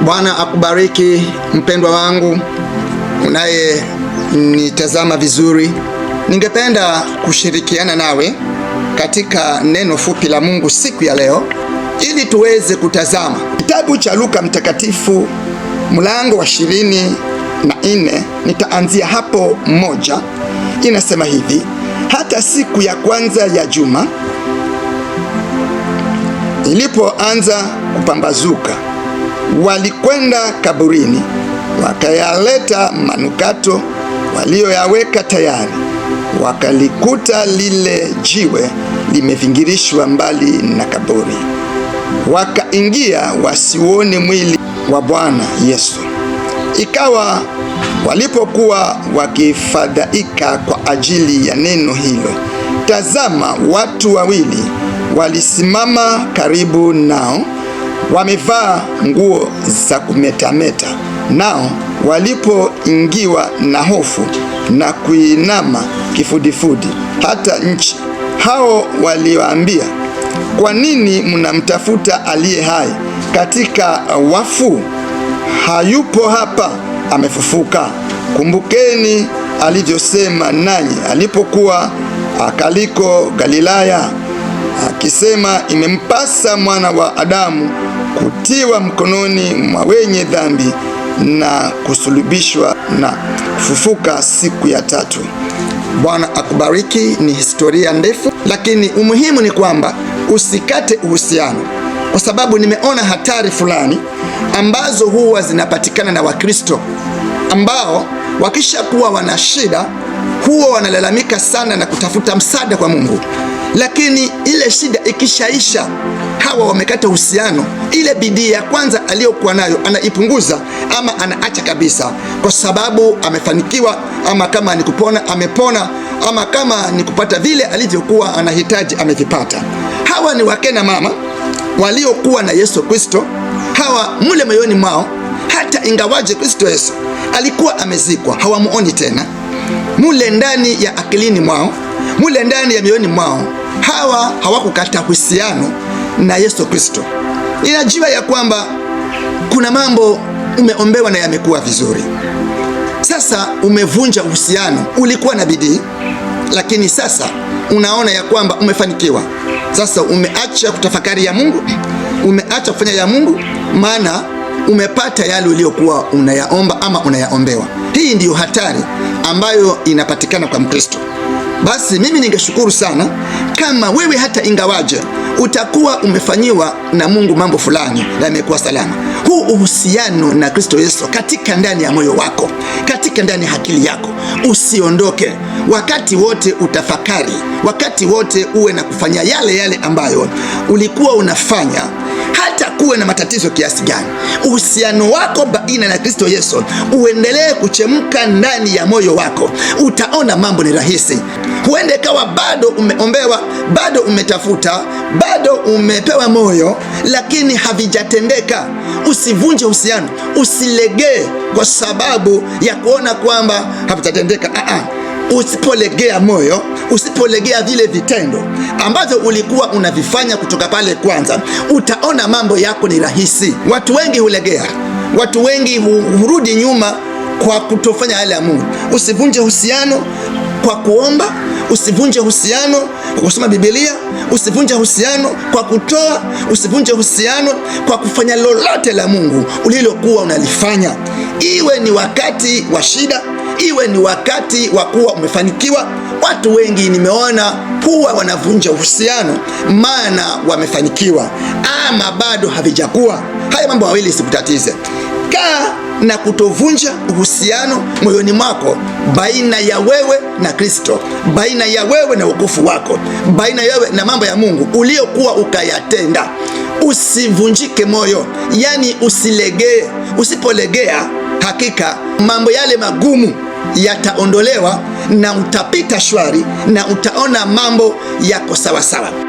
Bwana akubariki mpendwa wangu unaye nitazama vizuri. Ningependa kushirikiana nawe katika neno fupi la Mungu siku ya leo ili tuweze kutazama kitabu cha Luka mtakatifu mlango wa ishirini na nne. Nitaanzia hapo moja. Inasema hivi: hata siku ya kwanza ya juma ilipoanza kupambazuka walikwenda kaburini wakayaleta manukato waliyoyaweka tayari, wakalikuta lile jiwe limevingirishwa mbali na kaburi. Wakaingia wasiuone mwili wa Bwana Yesu. Ikawa walipokuwa wakifadhaika kwa ajili ya neno hilo, tazama, watu wawili walisimama karibu nao wamevaa nguo za kumetameta, nao walipoingiwa na hofu na kuinama kifudifudi hata nchi, hao waliwaambia, kwa nini mnamtafuta aliye hai katika wafu? Hayupo hapa, amefufuka. Kumbukeni alivyosema nanyi alipokuwa akaliko Galilaya, akisema, imempasa mwana wa Adamu kutiwa mkononi mwa wenye dhambi na kusulubishwa na kufufuka siku ya tatu. Bwana akubariki. Ni historia ndefu, lakini umuhimu ni kwamba usikate uhusiano, kwa sababu nimeona hatari fulani ambazo huwa zinapatikana na Wakristo ambao wakishakuwa wana shida huwa wanalalamika sana na kutafuta msaada kwa Mungu lakini ile shida ikishaisha, hawa wamekata uhusiano, ile bidii ya kwanza aliyokuwa nayo anaipunguza ama anaacha kabisa, kwa sababu amefanikiwa, ama kama ni kupona amepona, ama kama ni kupata vile alivyokuwa anahitaji amevipata. Hawa ni wakena mama waliokuwa na Yesu Kristo, hawa mule moyoni mwao, hata ingawaje Kristo Yesu alikuwa amezikwa, hawamuoni tena mule ndani ya akilini mwao, mule ndani ya mioyoni mwao hawa hawakukata uhusiano na Yesu Kristo. Ninajua ya kwamba kuna mambo umeombewa na yamekuwa vizuri, sasa umevunja uhusiano. Ulikuwa na bidii, lakini sasa unaona ya kwamba umefanikiwa. Sasa umeacha kutafakari ya Mungu, umeacha kufanya ya Mungu, maana umepata yale uliyokuwa unayaomba ama unayaombewa. Hii ndiyo hatari ambayo inapatikana kwa Mkristo. Basi mimi ningeshukuru sana kama wewe hata ingawaje utakuwa umefanyiwa na Mungu mambo fulani na imekuwa salama. Huu uhusiano na Kristo Yesu katika ndani ya moyo wako, katika ndani ya akili yako usiondoke. Wakati wote utafakari, wakati wote uwe na kufanya yale yale ambayo ulikuwa unafanya uwe na matatizo kiasi gani, uhusiano wako baina na Kristo Yesu uendelee kuchemka ndani ya moyo wako, utaona mambo ni rahisi. Huende kawa bado umeombewa, bado umetafuta, bado umepewa moyo, lakini havijatendeka. Usivunje uhusiano, usilegee kwa sababu ya kuona kwamba havitatendeka. Ah, ah usipolegea moyo, usipolegea vile vitendo ambavyo ulikuwa unavifanya kutoka pale kwanza, utaona mambo yako ni rahisi. Watu wengi hulegea, watu wengi hurudi nyuma kwa kutofanya yale ya Mungu. Usivunje uhusiano kwa kuomba, usivunje uhusiano kwa kusoma Biblia, usivunje uhusiano kwa kutoa, usivunje uhusiano kwa kufanya lolote la Mungu ulilokuwa unalifanya, iwe ni wakati wa shida iwe ni wakati wa kuwa umefanikiwa. Watu wengi nimeona huwa wanavunja uhusiano maana wamefanikiwa ama bado havijakuwa. Haya mambo mawili sikutatize, kaa na kutovunja uhusiano moyoni mwako baina ya wewe na Kristo, baina ya wewe na wokovu wako, baina ya wewe na mambo ya Mungu uliokuwa ukayatenda. Usivunjike moyo, yani usilegee. Usipolegea hakika mambo yale magumu yataondolewa na utapita shwari na utaona mambo yako sawasawa.